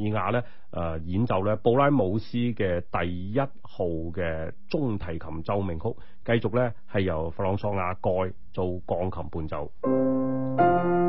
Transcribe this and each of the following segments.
以雅咧，誒演奏咧，布拉姆斯嘅第一號嘅中提琴奏鳴曲，繼續咧係由弗朗索瓦蓋做鋼琴伴奏。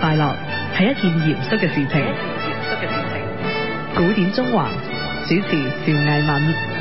快樂係一件嚴肅嘅事情。嚴肅嘅事情，古典縱橫主持趙藝敏。